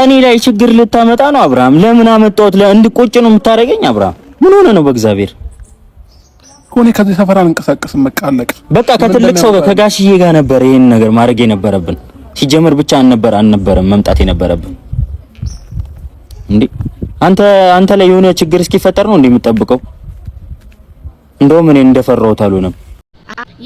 እኔ ላይ ችግር ልታመጣ ነው አብርሃም። ለምን አመጣሁት? እንድቆጭ ነው የምታደርገኝ አብርሃም። ምን ሆነ ነው? በእግዚአብሔር እኔ ከዚህ ሰፈር አንንቀሳቀስም። መቃለቅ በቃ ከትልቅ ሰው ከጋሽዬ ጋር ነበር ይሄን ነገር ማድረግ የነበረብን። ሲጀምር ብቻ አንነበር አልነበረም መምጣት የነበረብን እንዴ። አንተ አንተ ላይ የሆነ ችግር እስኪፈጠር ነው እንዴ የምጠብቀው? እንደውም እኔ እንደፈራሁት አልሆነም።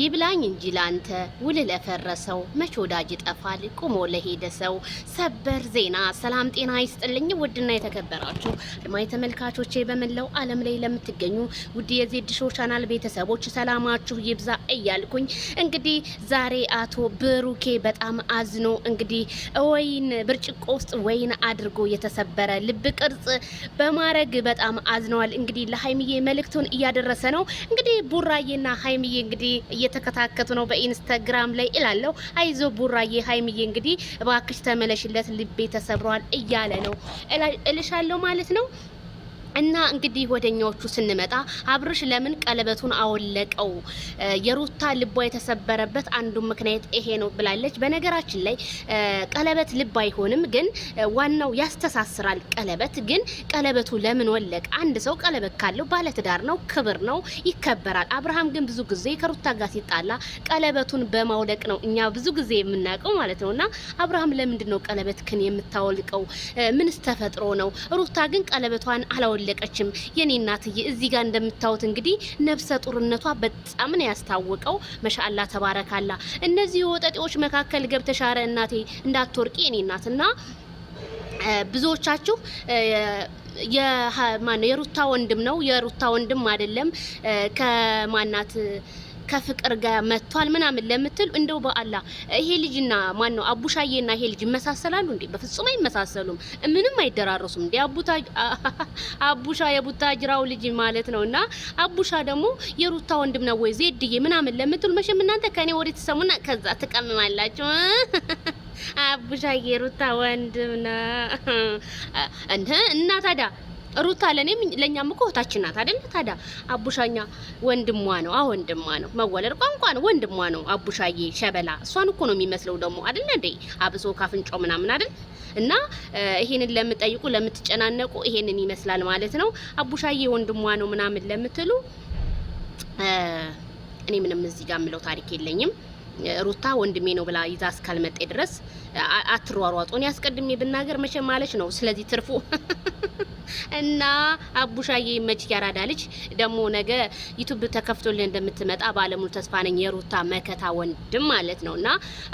ይብላኝ እንጂ ላንተ ውል ለፈረሰው መች ወዳጅ ይጠፋል ቁሞ ለሄደ ሰው። ሰበር ዜና። ሰላም ጤና ይስጥልኝ። ውድና የተከበራችሁ አድማጭ ተመልካቾቼ በመላው ዓለም ላይ ለምትገኙ ውድ የዜድ ሾው ቻናል ቤተሰቦች ሰላማችሁ ይብዛ እያልኩኝ እንግዲህ ዛሬ አቶ ብሩኬ በጣም አዝኖ እንግዲህ ወይን ብርጭቆ ውስጥ ወይን አድርጎ የተሰበረ ልብ ቅርጽ በማድረግ በጣም አዝነዋል። እንግዲህ ለሀይምዬ መልእክቱን እያደረሰ ነው። እንግዲህ ቡራዬና ሀይምዬ እንግዲህ እየተከታከቱ ነው በኢንስታግራም ላይ እላለሁ። አይዞ ቡራዬ ሀይሚዬ እንግዲህ እባክሽ ተመለሽለት ልቤ ተሰብሯል እያለ ነው እልሻለሁ ማለት ነው። እና እንግዲህ ወደኛዎቹ ስንመጣ አብርሽ ለምን ቀለበቱን አወለቀው? የሩታ ልቧ የተሰበረበት አንዱ ምክንያት ይሄ ነው ብላለች። በነገራችን ላይ ቀለበት ልብ አይሆንም፣ ግን ዋናው ያስተሳስራል። ቀለበት ግን ቀለበቱ ለምን ወለቀ? አንድ ሰው ቀለበት ካለው ባለትዳር ነው፣ ክብር ነው፣ ይከበራል። አብርሃም ግን ብዙ ጊዜ ከሩታ ጋር ሲጣላ ቀለበቱን በማውለቅ ነው እኛ ብዙ ጊዜ የምናውቀው ማለት ነው። እና አብርሃም ለምንድን ነው ቀለበትክን የምታወልቀው? ምንስ ተፈጥሮ ነው? ሩታ ግን ቀለበቷን አላወ አልወለቀችም የኔ እናትዬ። እዚህ ጋር እንደምታዩት እንግዲህ ነፍሰ ጡርነቷ በጣም ነው ያስታወቀው። መሻአላ ተባረካላ። እነዚህ ወጠጤዎች መካከል ገብተሻረ እናቴ እንዳትወርቂ የኔ እናት እና ብዙዎቻችሁ የማነው የሩታ ወንድም ነው የሩታ ወንድም አይደለም ከማናት ከፍቅር ጋር መጥቷል ምናምን ለምትል እንደው በአላ ይሄ ልጅና ማን ነው አቡሻዬና ይሄ ልጅ ይመሳሰላሉ እንዴ? በፍጹም አይመሳሰሉም። ምንም አይደራረሱም እንዴ? አቡታ አቡሻ የቡታጅራው ልጅ ማለት ነውና አቡሻ ደግሞ የሩታ ወንድም ነው ወይ ዜድዬ ምናምን ለምትል መቼም እናንተ ከኔ ወሬ ትሰሙና ከዛ ትቀምማላችሁ። አቡሻ የሩታ ወንድም ነው እንደ እና ታዲያ ሩታ ለኔ ለኛም እኮ እህታችን ናት አይደል? ታዲያ አቡሻኛ ወንድሟ ነው። አዎ ወንድሟ ነው። መወለድ ቋንቋ ነው። ወንድሟ ነው። አቡሻዬ ሸበላ እሷን እኮ ነው የሚመስለው ደግሞ አይደል እንዴ? አብሶ ካፍንጮ ምናምን አይደል? እና ይሄንን ለምጠይቁ ለምትጨናነቁ ይሄንን ይመስላል ማለት ነው። አቡሻዬ ወንድሟ ነው ምናምን ለምትሉ እኔ ምንም እዚህ ጋር የምለው ታሪክ የለኝም። ሩታ ወንድሜ ነው ብላ ይዛ እስካልመጤ ድረስ አትሯሯጡ። ያስቀድሜ ብናገር መቼ ማለች ነው። ስለዚህ ትርፉ እና አቡሻዬ መች ያራዳ ልጅ ደግሞ ነገ ዩቱብ ተከፍቶልን እንደምትመጣ ባለሙሉ ተስፋ ነኝ። የሩታ መከታ ወንድም ማለት ነው። እና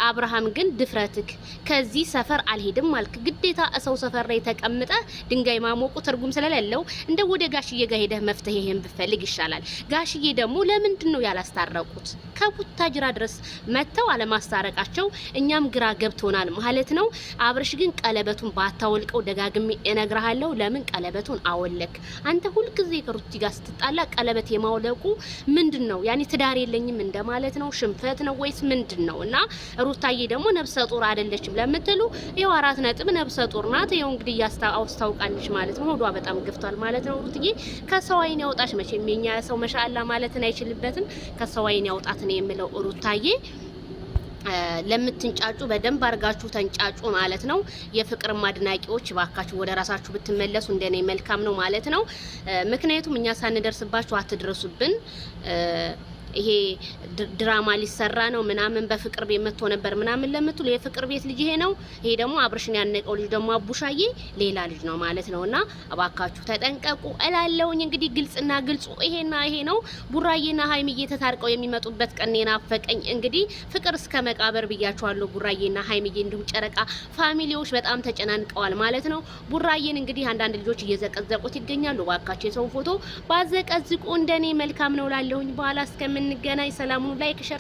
አብርሃም ግን ድፍረትክ ከዚህ ሰፈር አልሄድም አልክ። ግዴታ ሰው ሰፈር ላይ ተቀምጠ ድንጋይ ማሞቁ ትርጉም ስለሌለው እንደ ወደ ጋሽዬ ጋር ሄደህ መፍትሄ ይህን ብፈልግ ይሻላል። ጋሽዬ ደግሞ ለምንድን ነው ያላስታረቁት? ከቡታጅራ ድረስ መጥተው አለማስታረቃቸው እኛም ግራ ገብቶናል ማለት ነው። አብርሽ ግን ቀለበቱን ባታወልቀው ደጋግሜ እነግርሃለሁ። ለምን ቀለበቱን አወለክ። አንተ ሁልጊዜ ከሩቲ ጋር ስትጣላ ቀለበት የማውለቁ ምንድን ነው? ያኔ ትዳር የለኝም እንደማለት ነው? ሽንፈት ነው ወይስ ምንድን ነው? እና ሩታዬ ደግሞ ነብሰ ጡር አይደለችም ለምትሉ ይኸው አራት ነጥብ ነብሰ ጡር ናት። ይኸው እንግዲህ አስታውቃለች ማለት ነው። ሆዷ በጣም ግፍቷል ማለት ነው። ሩትዬ ከሰው ዓይን ያውጣሽ። መቼም የኛ ሰው መሻላ ማለትን አይችልበትም። ከሰው ዓይን ያውጣት ነው የምለው ሩታዬ ለምትንጫጩ በደንብ አድርጋችሁ ተንጫጩ ማለት ነው። የፍቅር አድናቂዎች ባካችሁ ወደ ራሳችሁ ብትመለሱ እንደኔ መልካም ነው ማለት ነው። ምክንያቱም እኛ ሳንደርስባችሁ አትድረሱብን። ይሄ ድራማ ሊሰራ ነው ምናምን በፍቅር ቤት መጥቶ ነበር ምናምን ለምትሉ የፍቅር ቤት ልጅ ይሄ ነው። ይሄ ደግሞ አብርሽን ያነቀው ልጅ ደግሞ አቡሻዬ ሌላ ልጅ ነው ማለት ነውና እባካችሁ ተጠንቀቁ እላለሁኝ። እንግዲህ ግልጽና ግልጹ ይሄና ይሄ ነው። ቡራዬና ሀይምዬ ተታርቀው የሚመጡበት ቀን ናፈቀኝ። እንግዲህ ፍቅር እስከ መቃብር ብያችኋለሁ። ቡራዬና ሀይሚዬ እንዲሁም ጨረቃ ፋሚሊዎች በጣም ተጨናንቀዋል ማለት ነው። ቡራዬን እንግዲህ አንዳንድ ልጆች እየዘቀዘቁት ይገኛሉ። እባካችሁ የሰው ፎቶ ባዘቀዝቁ እንደኔ መልካም ነው እላለሁኝ። በኋላ እስከ እስከምንገናኝ ሰላሙን ላይክ ሸር